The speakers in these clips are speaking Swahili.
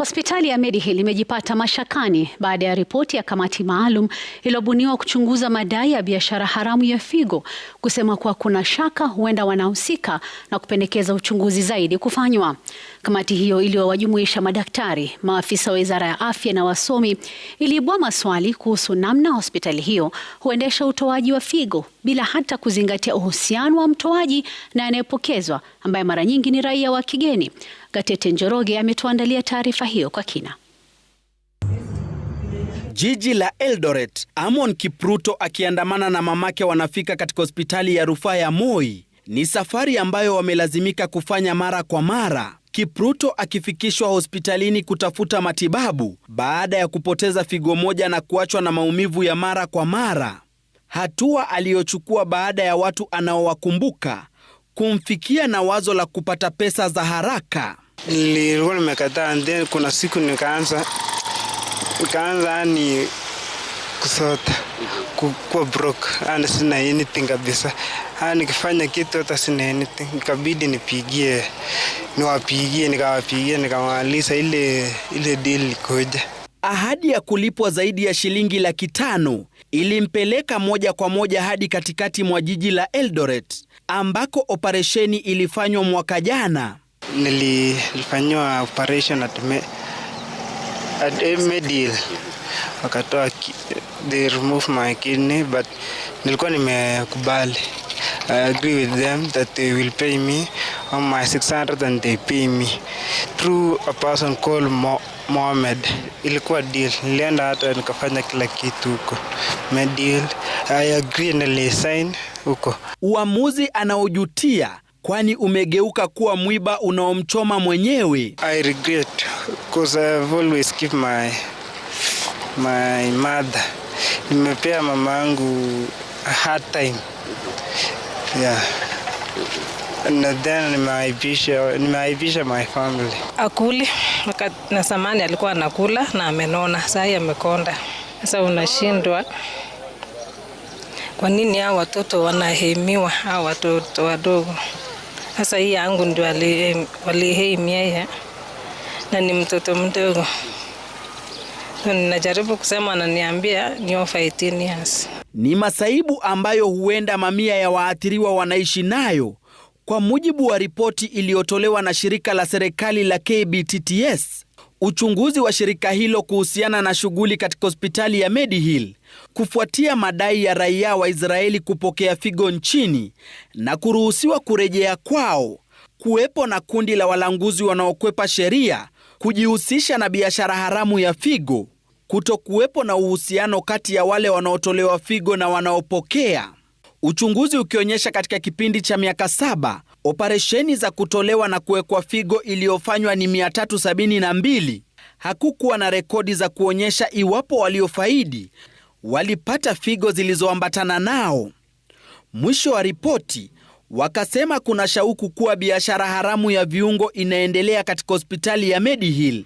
Hospitali ya Mediheal imejipata mashakani baada ya ripoti ya kamati maalum iliyobuniwa kuchunguza madai ya biashara haramu ya figo kusema kuwa kuna shaka huenda wanahusika na kupendekeza uchunguzi zaidi kufanywa. Kamati hiyo iliyowajumuisha madaktari, maafisa wa Wizara ya Afya na wasomi iliibua maswali kuhusu namna hospitali hiyo huendesha utoaji wa figo bila hata kuzingatia uhusiano wa mtoaji na anayepokezwa ambaye mara nyingi ni raia wa kigeni. Gatete Njoroge ametuandalia taarifa hiyo kwa kina. Jiji la Eldoret, Amon Kipruto akiandamana na mamake wanafika katika hospitali ya rufaa ya Moi. Ni safari ambayo wamelazimika kufanya mara kwa mara, Kipruto akifikishwa hospitalini kutafuta matibabu baada ya kupoteza figo moja na kuachwa na maumivu ya mara kwa mara, hatua aliyochukua baada ya watu anaowakumbuka kumfikia na wazo la kupata pesa za haraka. Nilikuwa nimekataa, then kuna siku nikaanza nikaanza yaani ni kusota kukuwa broke, ani sina anything kabisa, ani nikifanya kitu hata sina anything. Nikabidi nipigie niwapigie, nikawapigie nikamaliza ile ile deal ikoja. Ahadi ya kulipwa zaidi ya shilingi laki tano ilimpeleka moja kwa moja hadi katikati mwa jiji la Eldoret ambako operesheni ilifanywa mwaka jana nilifanyiwa operation at, me, at Medil wakatoa they remove my kidney but nilikuwa nimekubali I agree with them that they will pay me on my 600 and they pay me through a person called Mo Mohamed. Ilikuwa deal, nilienda hata nikafanya kila kitu huko Medil. I agree and na sign huko. Uamuzi anaojutia kwani umegeuka kuwa mwiba unaomchoma mwenyewe. I regret because always keep my my mother. Nimepea mama yangu a hard time. Yeah. Na then nimeaibisha nimeaibisha my family. Akuli na samani alikuwa anakula na amenona, sasa amekonda. Sasa unashindwa kwa nini hao watoto wanahemiwa, hao watoto wadogo? Sasa hii yangu ndio yeye na ni mtoto mdogo, ninajaribu kusema, ananiambia nio 18 years. Ni masaibu ambayo huenda mamia ya waathiriwa wanaishi nayo. Kwa mujibu wa ripoti iliyotolewa na shirika la serikali la KBTTS, uchunguzi wa shirika hilo kuhusiana na shughuli katika hospitali ya Medihill kufuatia madai ya raia wa Israeli kupokea figo nchini na kuruhusiwa kurejea kwao, kuwepo na kundi la walanguzi wanaokwepa sheria, kujihusisha na biashara haramu ya figo, kutokuwepo na uhusiano kati ya wale wanaotolewa figo na wanaopokea, uchunguzi ukionyesha katika kipindi cha miaka saba operesheni za kutolewa na kuwekwa figo iliyofanywa ni 372 hakukuwa na rekodi za kuonyesha iwapo waliofaidi walipata figo zilizoambatana nao. Mwisho wa ripoti wakasema kuna shauku kuwa biashara haramu ya viungo inaendelea katika hospitali ya medihill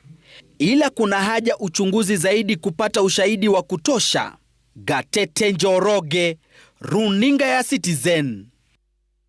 ila kuna haja uchunguzi zaidi kupata ushahidi wa kutosha. Gatete Njoroge, runinga ya Citizen.